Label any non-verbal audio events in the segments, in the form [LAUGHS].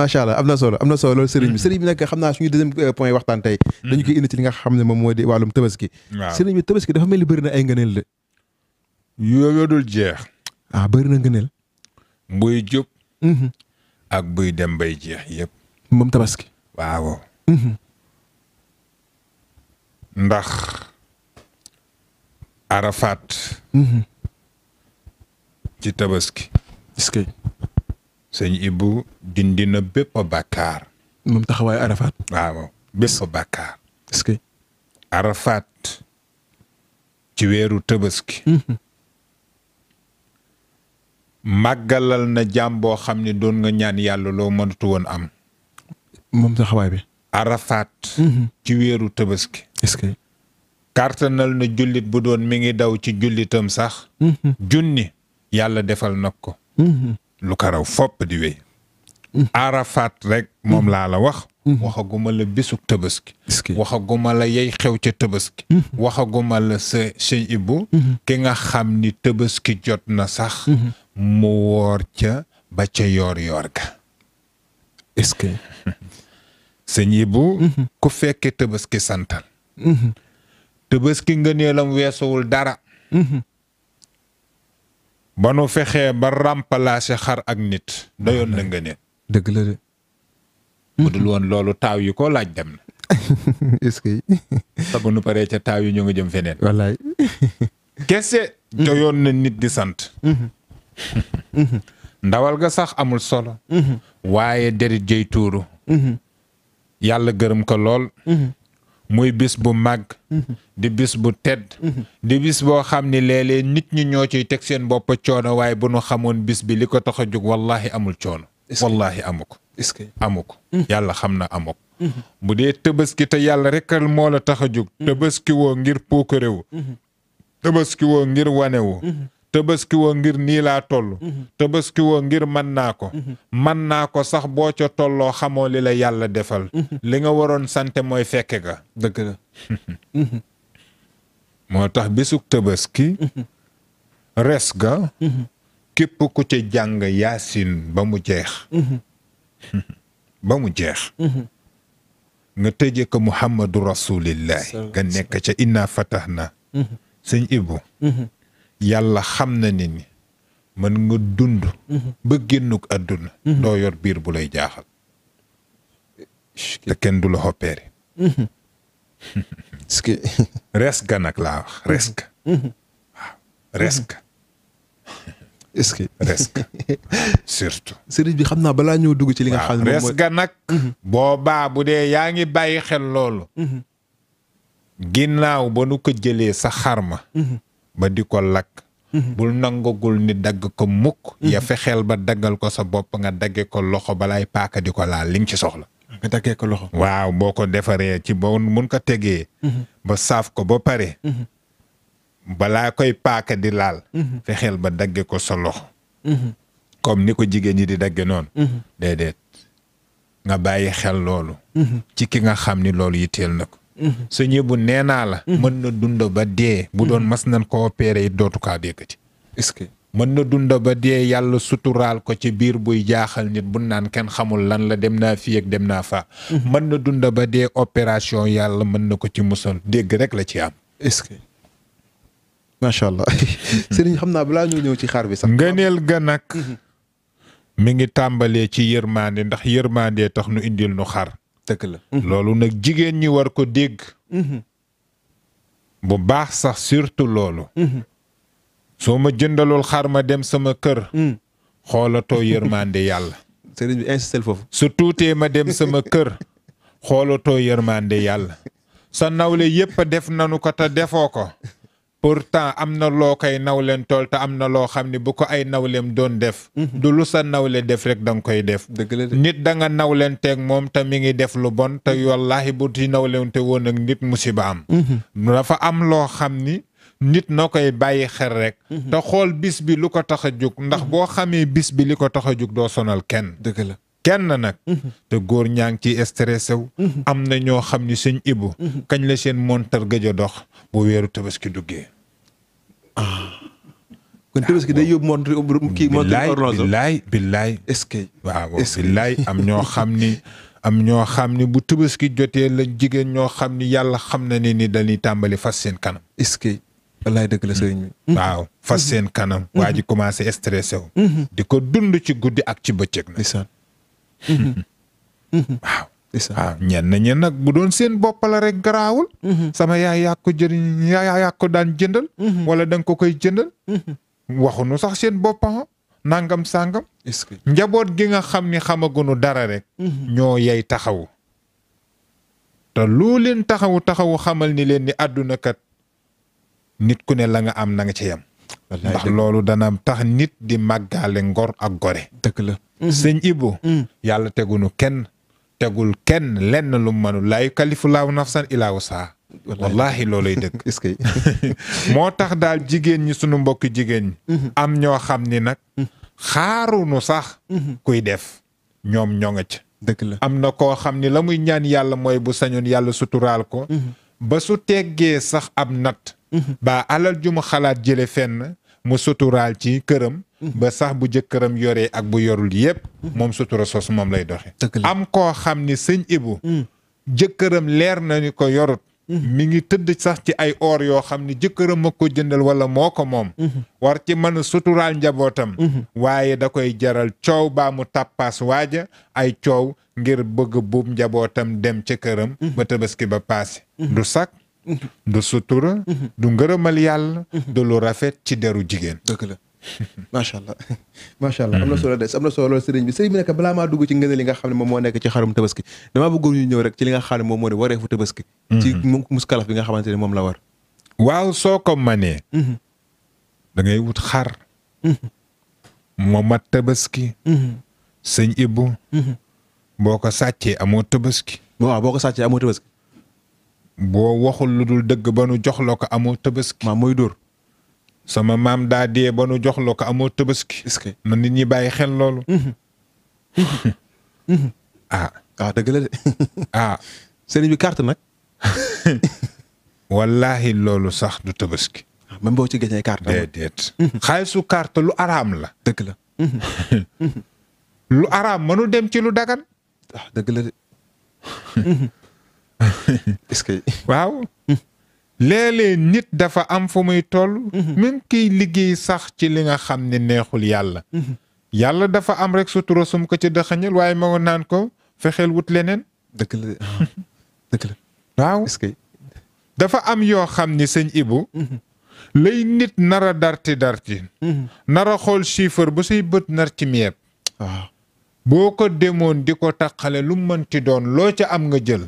macha allah am na solo am na solo loolu sëriñ bi mm-hmm. sëriñ bi nag xam naa suñu deuxième euh, point waxtaan tey mm-hmm. dañu koy indi ci li nga xam ne moom moo di wàllum tabaski sëriñ bi tabaski dafa mel ni bëri na ay ngëneel la yooyu dul jeex ah bëri na ngëneel buy jub mm-hmm. ak buy dem bay jeex yëpp moom tabaski waaw ndax arafat ci tabaski sëñ Ibou dindi na bépp bàkkaar. moom taxawaay Arafat. waaw bépp bàkkaar. est-ce Arafat ci weeru Tabaski. Mhm. màggalal na jaam boo xam ne doon nga ñaan yàlla loo mënatu woon am. moom taxawaay bi. Arafat. Mhm. ci weeru Tabaski. est kartanal na jullit bu doon mi ngi daw ci jullitam sax. Mhm. junni yàlla defal nag ko. lu ko raw fopp di wéy arafat rek moom laa la wax waxaguma la bisu tëbaski waxaguma la yey xew ca tëbaski waxaguma la sa sëñ Ibbu ki nga xam ni tëbëski jot na sax mu woor ca ba ca yoor yoor ga est-ce que sëñ Ibbu ku fekke tëbaski santal mhm. tëbaski nga neelam weesuwul dara mhm. ba nu fexee ba remplacer xar ak nit doyoon na nga ne. dëgg la de. bu dul woon loolu taaw yi ko laaj dem na. [LAUGHS] est-ce que. sabu nu paree ca taaw yi ñu ngi jëm feneen. wallaay. [LAUGHS] kese. doyoon na nit di sant. Mm-hmm. ndawal ga sax amul solo. Mm-hmm. waaye derit jëy tuuru. Mm-hmm. yàlla gërëm ko lool. muy bis bu màgg di bis bu tedd di bis boo xam ni léeg-léeg nit ñi ñoo ciy teg seen bopp coono waaye bu nu xamoon bis bi li ko tax a jóg wallaahi amul coono wallahi amu ko amu ko yàlla xam na amu ko bu dee tabaski te yàlla rekkal moo la tax a jóg tabaski woo ngir puukarewu tabaski woo ngir wanewu tabaski ngir nii laa toll mhm. tabaski ngir mën naa ko mën mhm. naa ko sax boo ca tolloo xamoo li la yàlla defal mhm. li nga waroon sante mooy fekke ga dëgg moo tax bésuk tabaski res ga képp ku ci jàng yaasin ba mu jeex ba mu jeex nga tëje ko muhammadu rasulillahi nga nekk ca inna fatahna sëñ Ibou Yalla, xamna na ni man nga dund mhm. ba jahat, aduna do yor bir bu lay jaxal te ken dula hopere ce reska nag laa wax reste mhm. waaw reska mhm. [LAUGHS] est-ce que [LAUGHS] reska [LAUGHS] surtout sëriñ bi saharma. bala dugg ci reska xel ba diko lak mhm. bul nangugul ni dag ko mukk ya mhm. fexel ba dagal ko sa bop nga dagge ko loxo balay paka di ko ling ci soxla nga dagge ko loxo waaw boko defare ci mun ko tege mhm. ba saf ko ba pare bala koy paka di lal fexel ba dagge ko sa loxo comme ni jigen ni di dagge non dedet nga baye xel loolu ci ki nga xamni ni yitel yitteel sëñ Ibou nee naa la. Mhm. mën na dund ba dee. bu doon mhm. mas nañ ko opéré it dootu kaa déggati. mën na dund ba dee yàlla suturaal ko ci biir buy jaaxal nit bu naan kenn xamul lan la dem naa fii dem naa faa. Mhm. mën na dund ba dee opération yàlla mën na ko ci musal dégg rek la ci am. est-ce que macha allah. sëriñ xam naa balaa ñoo ñëw ci xar bi sax. ngëneel ga nag. mi ngi tàmbalee ci yërmande ndax yërmande tax nu indil nu xar. dëgg la loolu nag jigéen ñi war ko dégg bu baax sax surtout loolu soo ma jëndalul xar ma dem sama kër xoolatoo yërmande yàlla sëriñ bi insistel tuutee ma dem sama kër xoolatoo yërmande yàlla sa nawle yépp def nanu ko te defoo ko pourtant amna lo kay nawlen tol ta amna lo xamni bu ko ay nawlem don def. du lu sa nawle def rek dang koy def. nit da nga nawlen tek mom ta mi ngi def lu bon ta wallahi bu ci nawlen te won ak nit musiba am. dafa am lo xamni nit nokay koy bàyyi xel rek. ta xol bis bi lu ko taxajuk ndax bo xame bis bi liko taxajuk do sonal ken deug la. kenn nag mhm. te góor ñaa ngi ciy stressé wu mhm. am na ñoo xam ni sëñ ibu mhm. kañ la seen montar gajo dox bu weeru tabaski duggee ah. kon tabaski day yóbbu montre kii montre horloge billaay ce que waaw billaay am ñoo xam ni [LAUGHS] am ñoo xam ni bu tabaski jotee la jigéen ñoo xam ni yàlla xam na ne ni dañuy tàmbali fas seen kanam est-ce que wallaay dëgg la mm-hmm. waaw fas mm-hmm. seen kanam mm-hmm. waa ji commencé stressé wu di ko dund ci guddi ak ci bëccëg na waaw. waaw ñenn nag bu doon seen bopp la rek garaawul. Mhm. sama yaay yaa ko jëriñ yaa yaa ko daan jëndal. Mhm. wala danga nga ko koy jëndal. Mhm. waxuñu sax seen boppam ah. nangam sangam. est-ce que njaboot gi nga xam ni xamaguñu dara rek. ñoo yey taxawu. te loo leen taxawu taxawu xamal ni leen ni àdduna kat nit ku ne la nga am na nga ci yem. ndax loolu dana tax nit di màggaale ngor ak gore. dëgg la mm-hmm. sëñ Ibu. Mm. yàlla tegunu kenn tegul kenn lenn lu mu mënul laa yukallifu laahu nafsan illaa wusaha wallahi loolay dëgg. [LAUGHS] [LAUGHS] moo tax daal jigéen ñi sunu mbokki jigéen ñi. Mm-hmm. am ñoo xam ni nag. Mm-hmm. xaarunu sax. kuy def ñoom ñoo ca. am na ko xam ni la muy ñaan yàlla mooy bu sañoon yàlla suturaal ko. ba su teggee sax ab nat. ba alal ju mu xalaat jële fenn mu suturaal ci këram mhm. ba sax bu jëkkëram yoree ak bu yorul yépp mhm. moom sutura sos moom lay doxe am koo xam ni sëñ Ibu mm. jëkkëram leer nañu ko yorut mu mm. ngi tëdd sax ci ay or yoo xam ne jëkkëram a ko jëndal wala moo ko moom mm-hmm. war ci mën a suturaal njabootam mm-hmm. waaye da koy jaral coow baa mu tàppaas waaja ay coow ngir bëgg buub njabootam dem ca këram mm-hmm. ba tabaski ba paase du sax du sutura du ngërëmal yàlla du lu rafet ci deru jigéen dëgg la macha allah [LAUGHS] macha allah am na solo des am na solo loolu sëriñ bi sëriñ bi nag balaa maa dugg ci ngëneel li nga xam ne moom moo nekk ci xarum tabaski damaa bëggoon ñu ñëw rek ci li nga tabaski mhm. ci muskalaf bi nga xamante ne moom la war waaw soo ko manee mhm. da ngay wut xar moo mhm. mat tabaski sëñ Ibbu boo ko sàccee amoo tabaski waaw boo ko sàccee amoo tabaski boo waxul lu dul dëgg ba nu jox la ko amoo tabaski. moy mooy dóor. sama maam daa dee ba nu jox la ko amoo tabaski. est na nit ñi bàyyi xel loolu. Mhm. Mhm. [LAUGHS] Mhm. ah. ah dëgg la de. [LAUGHS] ah. sëriñ bi carte nag. [LAUGHS] wallaahi loolu sax du tëbëski ah, même boo ci génnee carte. déedéet. xaalisu carte lu araam la. dëgg la. lu araam mënu dem ci lu dagan. Ah, dëgg la de. [LAUGHS] est-ce que nit dafa am fu muy toll mhm. même kiy liggéey sax ci li nga xam neexul yàlla mhm. yàlla dafa am rek sutura sum ko ci dëxañal waaye ma naan ko fexeel wut leneen dëgg la [LAUGHS] dëgg la waaw dafa am yoo xam ni Ibu mhm. lay nit nara darti darti nara xool chiffre bu say bët nar ci miyeeb boo ko demoon di ko taqale lu mënti doon am nga jël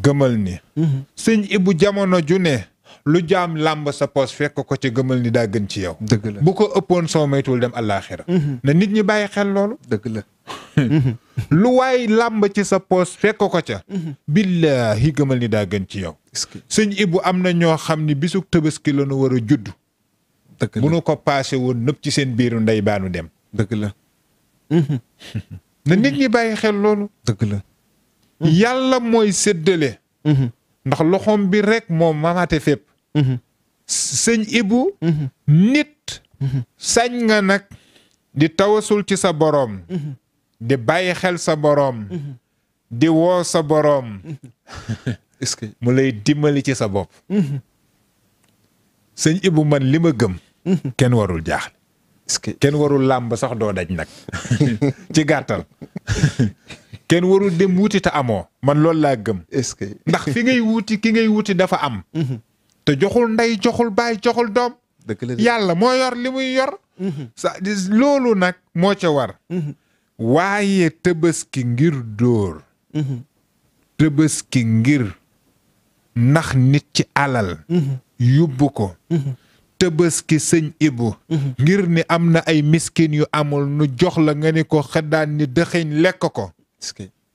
gëmal ni mhm. sëñ Ibu jamono ju ne lu jaam làmb sa poos fekk ko ci gëmal ni daa gën ci yow dëgg la bu ko ëppoon soo moytuwul dem àllaaxira mhm. na nit ñi bàyyi xel loolu dëgg la [LAUGHS] lu waay làmb ci sa poos fekk ko ca mhm. billaahi gëmal ni daa gën ci yow sëñ Ibu am na ñoo xam ni bisug Tabaski la nu war a judd bu nu ko paase woon nëpp ci seen biiru ndey baanu dem dëgg [LAUGHS] na nit ñi bàyyi xel loolu dëgg la Mm-hmm. yàlla mooy séddale. Mm-hmm. ndax loxoom bi rekk moo mamate fépp. Mm-hmm. sëñ Ibu. nit. sañ nga nag di tawasul ci sa boroom. di bàyyi xel sa boroom. di woo sa boroom. [LAUGHS] est-ce mu lay dimbali ci sa bopp. sëñ Ibu man li ma gëm. kenn warul jaaxle. est kenn warul làmb sax doo daj nag [LAUGHS] ci gàttal. [LAUGHS] kenn warul dem wutita amoo man loolu laa gëm. est-ce que ndax fi ngay wuti ki ngay wuti dafa am. Mhm. te joxul ndey joxul baay joxul doom. dëgg yàlla moo yor li muy yor. Mhm. sa loolu nag moo ci war. Mhm. waaye tëbaski ngir dóor. tëbaski ngir nax nit ci alal. yóbbu ko. tëbaski sëñ ibu ngir ni am na ay miskin yu amul nu jox la nga ni ko xëddaan ni dëxëñ lekk ko.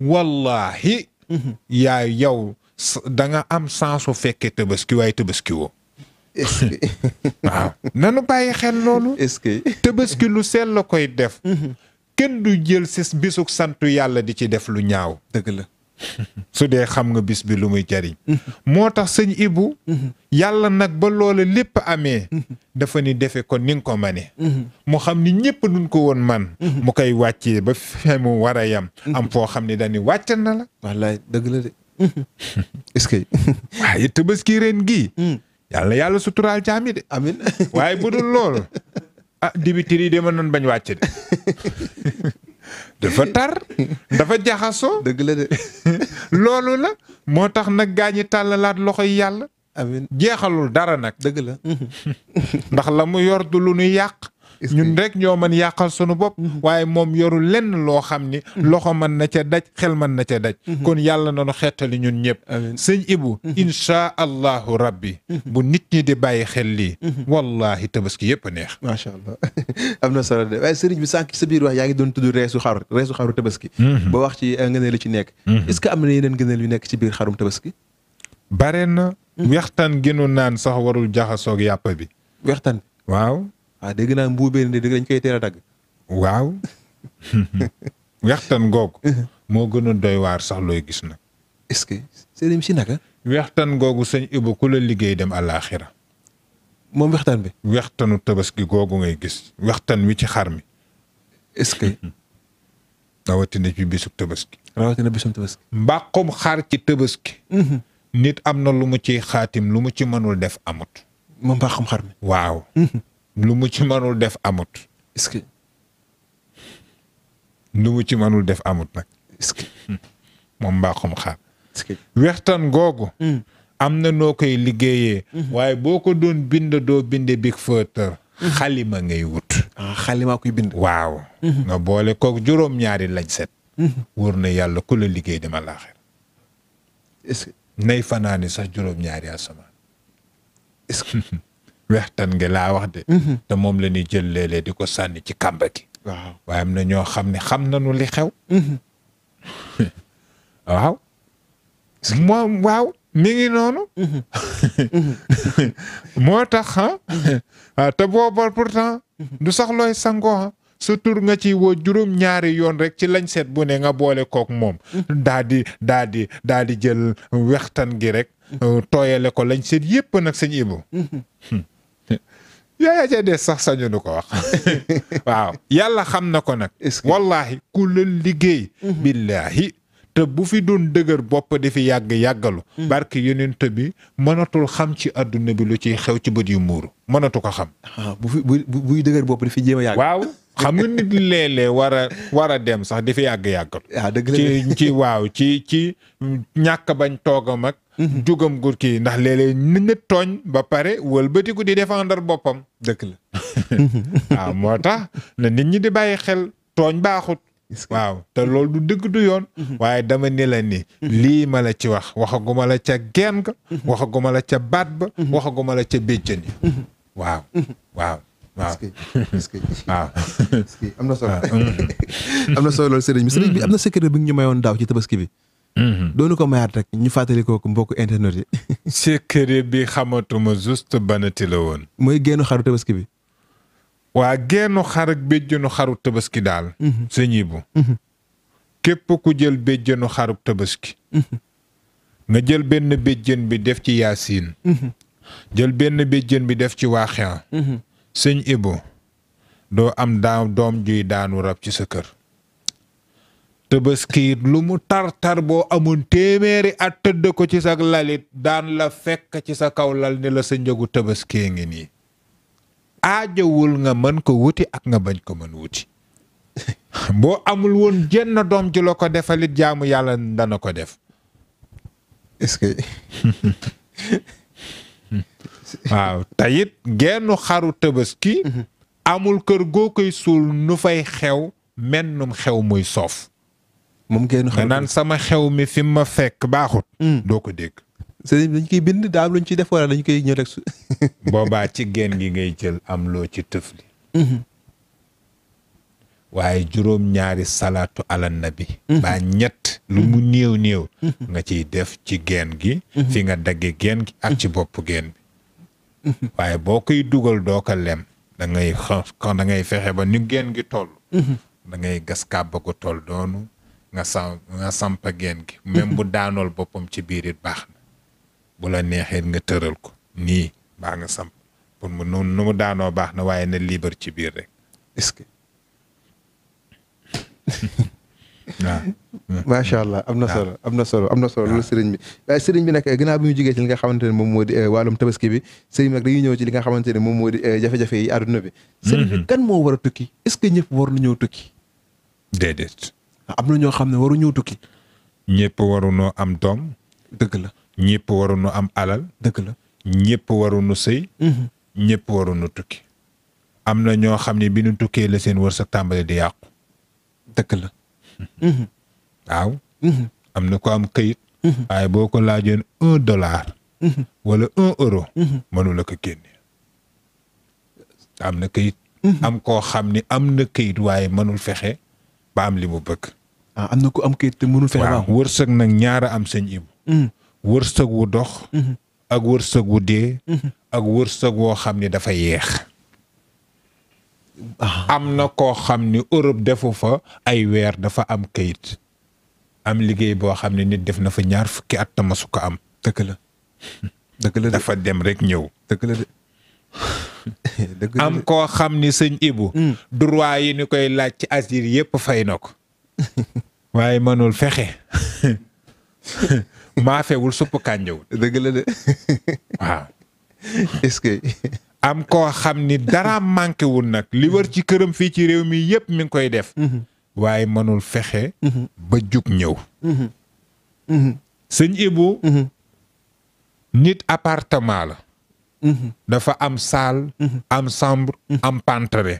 wallaahi. Mhm. yaay yow da nga am sens su fekkee tabaski waaye tabaski woo. [LAUGHS] waaw nanu bàyyi xel loolu. est-ce que tabaski lu sell la koy def. Mhm. kenn du jël si bisug santu yàlla di ci def lu ñaaw. dëgg la. [LAUGHS] su dee xam nga bis bi lu muy jariñ moo tax sëñ Ibu yàlla nag ba loola lépp amee dafa ni defe ko ni nga ko mane mu xam ni ñépp duñ ko woon man mu koy wàccee ba fi mu war a yam am foo xam ni dañuy wàcc na la wallaay dëgg la de [LAUGHS] est [LAUGHS] ren gii yàlla na yàlla suturaal jaami de waaye bu dul loolu ah dibitiri yi de ma noon bañ wàcc de dafa tar dafa jaxasoo. dëgg la de. loolu la moo tax nag gaa ñi tàllalaat loxo yi yàlla. amiin jeexalul dara nag. dëgg la. [LAUGHS] ndax la mu yor du lu nu yàq. ñun rek ñoo mën yàqal sunu bopp mhm. waaye moom yoru lenn loo xam ni mhm. loxo man na cee daj xel man na cee daj mhm. kon yàlla na nanu xettali ñun ñëpp sëñ Ibu inchaa allahu rabbi bu nit ñi di bàyyi xel lii wallahi tabaski yëpp a neex macha allah [LAUGHS] am na solo de waaye sëriñ bi sànq sa biir wax yaa ngi doon tudd reesu xaru reesu xaru tabaski ba wax ci eh, ngëneel li ci nekk est que am na yeneen ngëneel yu nekk ci biir xarum tabaski bare na wextaan gënu naan sax warul jaxasoog yàpp bi wextaan waaw ah dégg naa mbuubeen di dëgg dañ koy teel a dagg. waaw. [LAUGHS] wextaan googu. moo gën a doy waar sax looy gis nag. est-ce que si naka. wextaan googu sëñ Ibu ku la liggéey dem àllaaxira moom wextaan bi. weextanu tabaski googu ngay gis wextaan wi ci xar mi. est-ce que. [LAUGHS] rawatina ci bisu tabaski. rawatina bisu tabaski. mbàqum xar ci tabaski. Mhm. nit am na lu mu ciy xaatim lu mu ci mënul def amut. moom mbàqum xar mi waaw. Mhm. lu mu ci mënul def amut. est ci mënul def amut nag. est-ce hmm. moom mbaaxum xaar. est-ce googu. Hmm. am na noo koy liggéeyee. Hmm. waaye boo ko doon bind doo binde big footer. xalima ngay wut. ah xalima koy bind. waaw. nga boole kook juróom-ñaari lañ set. wóor na yàlla ku la liggéey dama laaxir. fanaani sax juróom [LAUGHS] wextan nge laa wax de mhm. te moom la ñuy jël léeg di ko sànni ci kàmba gi waaye am na ñoo xam ne xam nañu li xew mhm. [LAUGHS] waaw moom ngi noonu mhm. [LAUGHS] moo tax ah te booba pourtant du sax looy sangoo ah. sa tur nga ci woo juróom ñaari yoon rek ci lañ seet bu ne nga boole kook moom daa di di daa di jël wextan gi rek tooyale ko lañ seet yépp nag sëñ Ibu hmm. yaaya ja des sax sañu nu ko wax [LAUGHS] waaw yàlla xam na ko nag wallaahi ku la liggéey mhm. billaahi te bu fi doon dëgër bopp di fi yàgg yàggalu mhm. barke yonent bi mënatul xam ci àdduna bi lu ciy xew ci bët yu muuru mënatu ko xam ah, bu fi buy dëgër bopp di fi jéem a yàgg waaw xam nga nit léeg-léeg war a war a dem sax di fi yàgg-yàggal ah, ci ci waaw ci ci ñàkk bañ toogam ak mhm. jugam gur kii ndax léeg-léeg nit tooñ ba pare wëlbatiku di défendre boppam dëkk la waaw [LAUGHS] ah, moo tax na nit ñi di bàyyi xel tooñ baaxut waaw te loolu du dëgg du yoon mhm. waaye dama ne la ni mhm. lii ma la ci wax waxaguma la ca geen ga waxaguma la ca baat ba waxaguma la ca béjjën yi waaw waaw waaw am na solo mm-hmm. [LAUGHS] am na solo loolu sëriñ bi am na secret bi ñu mayoon daaw ci tabaski bi. Mm-hmm. doonu ko mayaat rek ñu fàttali ko mbokk internet yi. [LAUGHS] secret bi xamatuma juste banati la woon. mooy génn xaru tabaski bi. waa génn xar ak béjjënu xaru tabaski daal. Mm-hmm. sëñ bu képp ku jël béjjënu xaru tabaski. nga jël benn béjjën bi def ci yaasiin. jël benn béjjën bi def ci waaxin. sëñ Ibu doo am daa doom juy daanu rab ci sa kër tabaski lu mu tar-tar boo amul téeméeri at tëdd ko ci sa lalit daan la fekk ci sa kaw lal ni la sa njogu tabaski ngi nii aajowul nga mën ko wuti ak nga bañ ko mën wuti [LAUGHS] boo amul woon jenn doom ji ko defalit jaamu yàlla dana ko def [LAUGHS] waaw te it genn xaru tabaski amul kër goo koy suul nu fay xew mennum xew muy soof moom genn xaru naan sama xew mi fi ma fekk baaxut mm. doo ko dégg sëriñ bi dañ koy bind daal am lu ñu ciy def dañ koy ñëw [LAUGHS] boobaa ci genn gi ngay jël am loo ci tëfli mm-hmm. waaye juróom ñaari salaatu ala bi mm-hmm. baa ñett lu mu mm-hmm. néew néew nga ciy def ci genn gi fi nga dagge genn gi ak ci bopp genn bi waaye boo koy dugal doo ko lem dangay ngay dangay fexe ba nu geen gi toll mhm. dangay gas kàbba ko toll doonu nga sam nga sampa geen gi même bu mhm. daanool boppam ci biirit it baax na bu la neexee nga tëral ko nii baa nga samp pour mu nu mu daanoo baax na waaye na liibar ci biir rek [LAUGHS] [LAUGHS] macha allah am na solo am na solo am na solo loolu sëriñ bi waaye sëriñ bi eh, bi ñu jigee ci li nga xamante ne moom moo di eh, tabaski bi sëriñ bi nag dañuy ñëw ci li xamante ne moo di eh, jafe-jafe yi àdduna bi sëriñ bi mhm. kan moo war a tukki est-ce que ñëpp war nañoo tukki déedéet am na ñoo xam ne waru ñëw tukki ñëpp waruñoo am doom dëgg la ñëpp nu am alal dëgg la ñëpp waruñu sëy mhm. ñëpp waruñu tukki am na ñoo xam ne bi ñu tukkee la seen war tàmbale di yàqu dëgg la [LAUGHS] waaw mhm. am na ko am këyit mhm. waaye boo ko laajoon un dollar mhm. wala un euro mënu ko génne am na këyit am koo xam ni am na këyit waaye mënul fexe ba am li mu bëgg ah am na ko am këyit te mënul fexe ba am wërsëg nag ñaara am sëñ Ibu wërsëg wu dox ak wërsëg wu dee ak wërsëg woo xam ni dafa yeex am na koo xam ni Europe defu fa ay weer dafa am kayit am liggéey boo xam ne nit def na fa ñaar fukki at tamasu ko am. dëgg la dëgg la dafa dem rekk ñëw. dëgg la de. [LAUGHS] am koo xam ni sëñ Ibu. Mm. droit yi ni koy laaj ci asir yëpp fay na ko. [LAUGHS] waaye mënul fexe [LAUGHS] maafewul supp kànjawul. dëgg la de. waaw. am koo xam ni dara manqué wul nag li wër ci këram fii ci réew mi yëpp mi ngi koy def mhm. waaye mënul fexe mhm. ba jug ñëw mhm. sëñ Ibu nit appartement la dafa am salle am chambre am pantre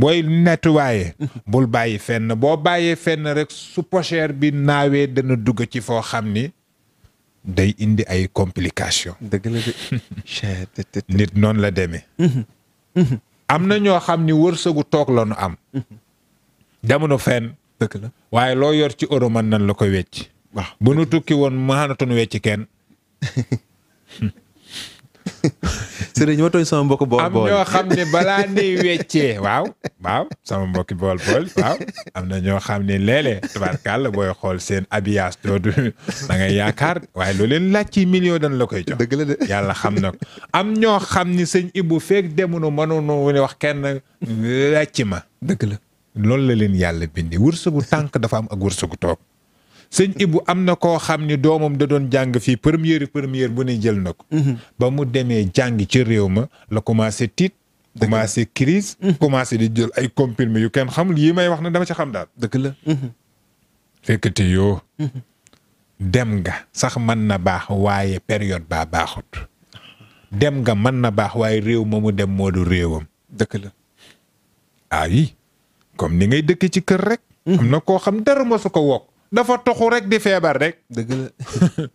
booy nettoyé bul bàyyi fenn boo bàyyee fenn rek su poussière bi naawee dana dugg ci foo xam ni day indi ay complication [LAUGHS] nit noonu la demee mhm. Mhm. am na ñoo xam ni wërsëgu toog la nu am jamono mhm. fenn la waaye loo yor ci euro man nan la koy wecc bu nu tukki woon maanatun wecc kenn [LAUGHS] sëriñ ma tooñ sama mbokk bo bool am ñoo xam ne balaa niy weccee [LAUGHS] waaw waaw sama mbokki bool bool waaw am na ñoo xam ne léeg-léeg tubaarkàlla booy xool seen habillage doodu da yaakaar waaye loo leen laaj ci million dañ la koy jox. yàlla xam na am ñoo xam ni sëñ Ibou feeg demunu mënunu wax kenn ci ma. dëgg la loolu la leen yàlla bindi wërsëgu tànk dafa am ak wërsëgu toog sëñ ibu am na koo xam ni doomam da doon jàng fii première première bu ne jël na ko. Mhm. ba mu demee jàng ci réew ma la commencé tiit. commencé crise mm-hmm. commencé di jël ay comprimés yu kenn xamul yii may wax na dama ci xam daal. dëkk la. Mm-hmm. fekkati yoo. Mm-hmm. dem nga sax mën na baax waaye période baa baaxut. dem nga mën na baax waaye réew ma dem moo du réewam. dëkk la. ah oui comme ni ngay dëkk ci kër rek. am na koo xam dara mosu ko wokk. dafa toxu rek di feebar rek. dëgg la. [LAUGHS]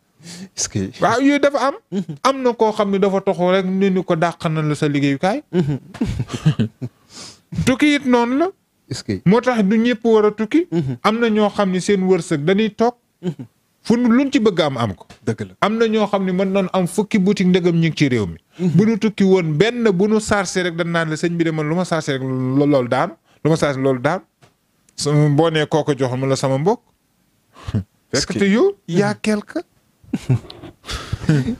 est-ce que. waaw yooyu dafa am. am na koo xam ne dafa toxu rek ne ni ko dàq na la sa liggéeyukaay. [LAUGHS] tukki it noonu la. est moo tax du ñëpp war a tukki. Mhm. am na ñoo xam ne seen wërsëg dañuy toog. Mhm. fu luñ ci bëgg am am ko. dëgg am na ñoo xam ne mën nañ am fukki boutique ndegam ñu ngi ci réew mi. Mhm. bu ñu tukki woon benn bu ñu sarse rek dañ naan la sëñ bi de man lu ma sarse rek loolu daan lu ma sarse loolu daan. boo ne kooku jox ma la sama mbokk. te yow yaa quelque.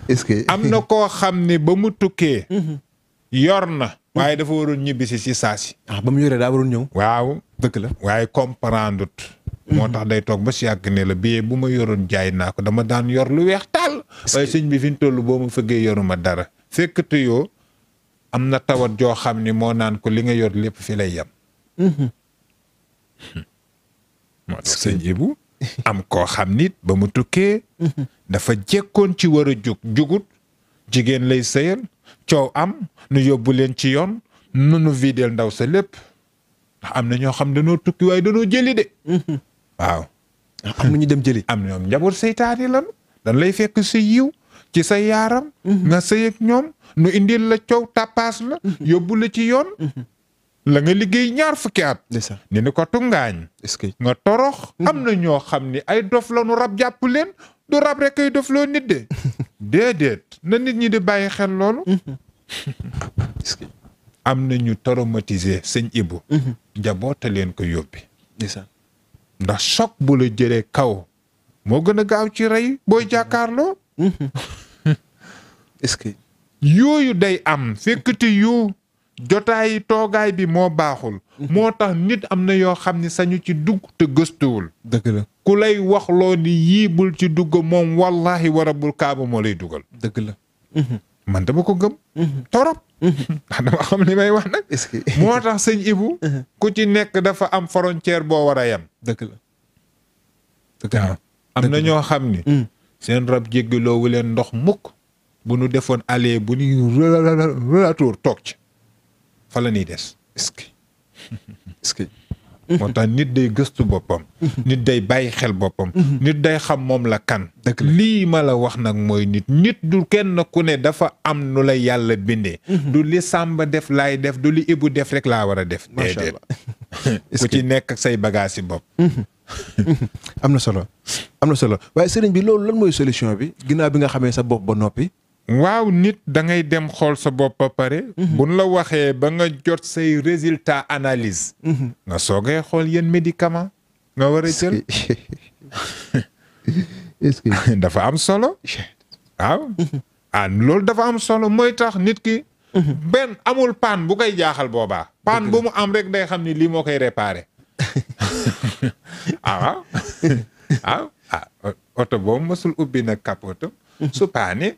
est-ce am na koo xam ne ba mu tukkee. Mhm. yor na. waaye dafa waroon ñibbisi si saasi. Ah, ba mu yoree daa waroon ñëw. waaw dëgg la waaye comprendre mhm. moo tax day toog ba si yàgg ne la billet bu ma yoroon jaay naa ko dama daan yor lu weex tàll. waaye sëñ bi fi ñu toll boo ma fëggee yoruma dara. fekkatu yoo am na tawat joo xam ni moo naan ko li nga yor lépp fi lay yem. Mhm. Hmm. moo [LAUGHS] am koo xam nit ba mu tukkee. Mm-hmm. dafa jekkoon ci war a jug jugut jigéen lay sëyal coow am nu yóbbu leen ci yoon nu nu videel ndaw sa lépp ndax am na ñoo xam dañoo tukki waaye dañoo jëli de. Mm-hmm. waaw. am na ñu dem jëli. [LAUGHS] am na ñoom njaboot seytaane lan dan lay fekk si yiw ci sa yaaram. Mm-hmm. nga sëy ñoom nu indil la coow tappaas la. yóbbu la ci yoon. la nga liggéey ñaar fukki at. ni ni ko tungaañ. nga torox. Mm-hmm. am na ñoo xam ni ay dof la nu rab jàpp leen du rab rek ay dof loo nit de. [LAUGHS] déedéet na nit ñi di bàyyi xel loolu. Mm-hmm. am na ñu toromatisé sëñ Ibu. njaboote mm-hmm. leen ko yóbbi. ndax choc bu la jëlee kaw. moo gën a gaaw ci rey booy jàkkaarloo. [LAUGHS] est-ce day am fekkati yu. jotaay toogaay bi moo baaxul. Mhm. moo tax nit am na yoo xam ni sañu ci dugg te gëstuwul. dëgg ku lay wax loo ni yii bul ci dugg moom wallaahi bul kaaba moo lay dugal. dëgg la. Mhm. man dama ko gëm. Mhm. torop. ndax dama xam li may wax nag. moo tax sëñ Ibu. ku ci nekk dafa am frontière boo war a yem. dëgg la. na ñoo xam ni. seen rab jéggaloowu leen ndox mukk bu nu defoon aller bu nu retour toog ci. fa la ñuy des. est [LAUGHS] [LAUGHS] moo tax nit day gëstu boppam. [LAUGHS] nit day bàyyi xel boppam. nit day xam moom la kan. lii ma la wax nag mooy nit. nit du kenn ku ne dafa am nu la yàlla bindee. du li Samba def laay def du li Ibu def rek laa war a def. macha allah ku ci nekk say bagages yi bopp. am na solo am na solo waaye sëriñ bi loolu lan mooy solution bi ginnaaw bi nga xamee sa bopp ba noppi. waaw nit da ngay dem xool sa bopp ba pare. Mhm. buñ la waxee ba nga jot say résultat analyse. Mhm. nga soogay xool yéen médicament. nga war a jël [LAUGHS] dafa am solo. waaw. ah loolu dafa am solo mooy tax nit ki. benn amul paan bu koy jaaxal boobaa. paan bu mu am rek day xam ni lii moo koy réparé. [LAUGHS] [LAUGHS] ah waaw ah, ah oto boobu mësul ubbi nag capotam su paane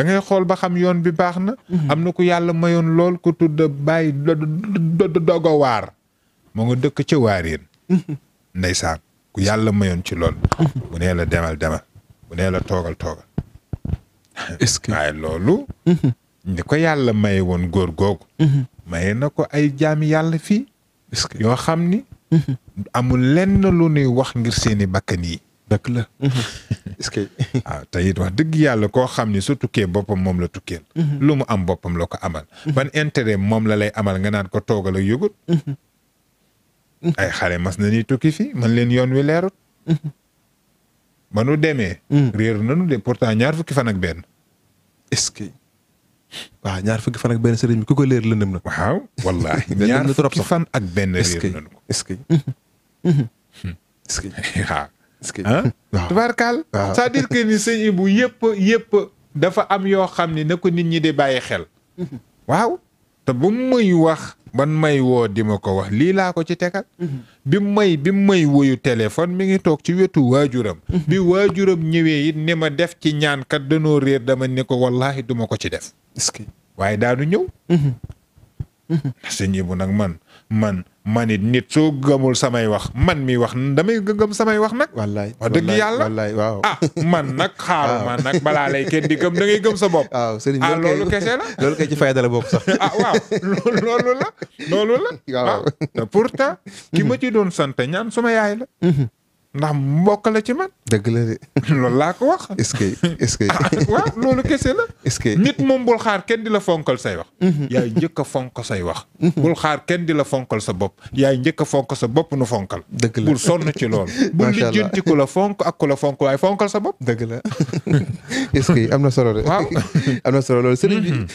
da ngay xol ba xam yoon bi baxna amna ko na ku yàlla mayoon lool ku tudd bàyyi dogowaar moo nga dëkk ci waareen. ndaysan ku yàlla mayon ci lol mu ne la demal demal mu ne la togal toogal. est-ce que waaye ni ko yàlla may won gor gog may nako ay jami yàlla fi est-ce que yoo xam amul len lu ni wax ngir seni bakani dëkk la. Mhm. [LAUGHS] est que. ah te wax dëgg yàlla koo xam ni su tukkee boppam moom la tukkeel. Mhm. lu mu am boppam la ko amal. Mhm. ban intérêt moom la lay amal nga naan ko toogal ak ay xale mas na ni tukki fii man leen yoon wi leerut. ba nu demee. réer nanu de pourtant ñaar fukki fan ak benn. est-ce que. waaw ñaar fukki fan benn sëriñ bi ku ko leer lëndëm na. waaw wallaahi [LAUGHS] ñaar fukki fan ak benn réer nanu ko. est-ce que hmm. est-ce [LAUGHS] [LAUGHS] ah tubaarkaal ah. c'est-à-dire que ni sëñ Ibou yëpp yëpp dafa am yoo xam ni na ko nit ñi di bàyyi xel mhm. waaw te bu may wax ban may woo dima ko wax lii laa ko ci tegal mhm. bi may bi may woyu téléphone mi ngi toog ci wetu waajuram mhm. bi waajuram ñëwee it ni ma def ci ñaankat danoo réer dama ne ko wallaahi duma ko ci def waaye daanu ñëw sëñ Ibou man man ma nit nit soo gëmul samay wax man mii wax damay gëm samay wax nag. wallaay wax dëgg yàlla wallaay waaw. ah man nag xaaru man balaa lay kenn di gëm dangay gëm sa bopp. [LAUGHS] waaw sëriñ ah loolu kese la. loolu kay ci fayda la bokk sax. [LAUGHS] ah waaw loolu la loolu la. [LAUGHS] waaw ah, pourtant. ki ma ci doon sant ñaan suma yaay la. Mhm. ndax mbokk la ci man. dëgg la de. [LAUGHS] loolu laa ko wax. est-ce [LAUGHS] ah, waaw loolu kese la. [LAUGHS] est nit moom bul xaar kenn di la fonkal say wax. Mhm. yaay njëkk a fonk say wax. Mhm. bul xaar kenn di la fonkal sa bopp. yaay njëkk a fonk sa bopp nu fonkal. dëgg la bul sonn ci lool bul lijjanti ku la fonk ak ku la fonk waaye fonkal sa bopp. dëgg la est am na solo de. waaw am na solo loolu sëriñ bi. Mhm.